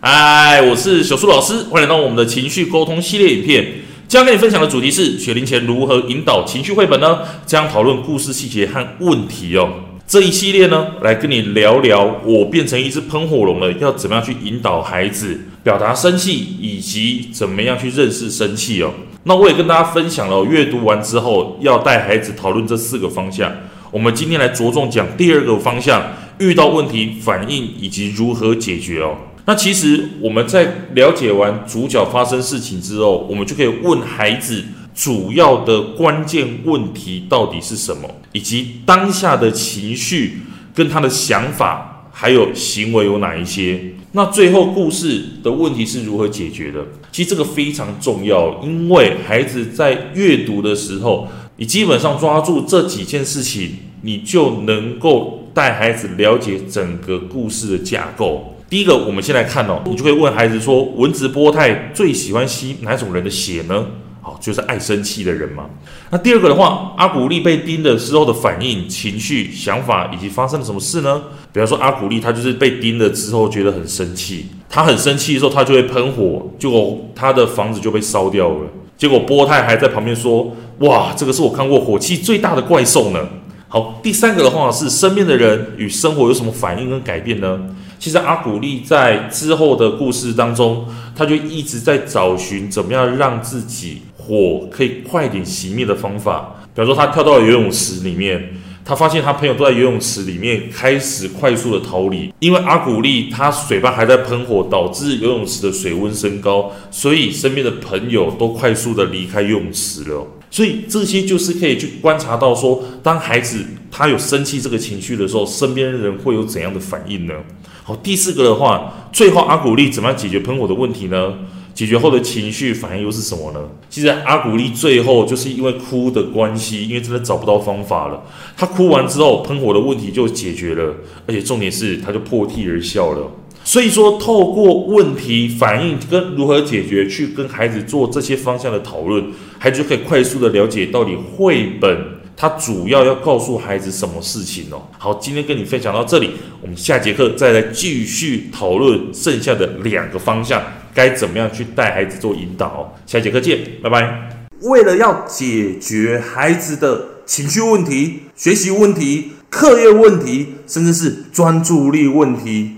哎，Hi, 我是小蘇老師，歡迎來到我們的情緒溝通系列影片。今天跟你分享的主題是學齡前如何引導情緒繪本呢？這樣討論故事細節和問題哦。這一系列呢，來跟你聊聊我變成一隻噴火龍了，要怎麼樣去引導孩子表達生氣，以及怎麼樣去認識生氣哦。那我也跟大家分享了，閱讀完之後要帶孩子討論這四個方向。我們今天來着重講第二個方向，遇到問題反應以及如何解決哦。那其實我們在了解完主角發生事情之後，我們就可以問孩子主要的關鍵問題到底是什麼，以及當下的情緒跟他的想法，還有行為有哪一些？那最後故事的問題是如何解決的？其實這個非常重要，因為孩子在閱讀的時候，你基本上抓住這幾件事情，你就能夠帶孩子了解整個故事的架構。第一個，我們先來看哦，你就會問孩子說：“蚊子波泰最喜歡吸哪種人的血呢？”好、哦，就是愛生氣的人嘛。那第二個的話，阿古麗被叮的時候的反應、情緒、想法以及發生了什麼事呢？比方說，阿古麗他就是被叮了之後覺得很生氣，他很生氣的時候，他就會噴火，結果他的房子就被燒掉了。結果波泰還在旁邊說：“哇，這個是我看過火氣最大的怪獸呢。”好，第三個的話是身邊的人與生活有什麼反應跟改變呢？其實阿古麗在之後的故事當中，他就一直在找尋怎麼樣讓自己火可以快點熄滅的方法。比方說，他跳到了游泳池裡面，他發現他朋友都在游泳池裡面開始快速的逃離，因為阿古麗他嘴巴還在噴火，導致游泳池的水溫升高，所以身邊的朋友都快速的離開游泳池了。所以這些就是可以去觀察到說，說當孩子他有生氣這個情緒的時候，身邊人會有怎樣的反應呢？好，第四個的話，最後阿古麗怎麼樣解決噴火的問題呢？解決後的情緒反應又是什麼呢？其實阿古麗最後就是因為哭的關係，因為真的找不到方法了，他哭完之後，噴火的問題就解決了，而且重點是他就破涕而笑了。所以說，透過問題反應跟如何解決，去跟孩子做這些方向的討論，孩子就可以快速的了解到底繪本它主要要告訴孩子什麼事情哦。好，今天跟你分享到這裡，我們下節課再來繼續討論剩下的兩個方向，該怎麼樣去帶孩子做引導。哦。下節課見，拜拜。為了要解決孩子的情緒問題、學習問題、課業問題，甚至是專注力問題。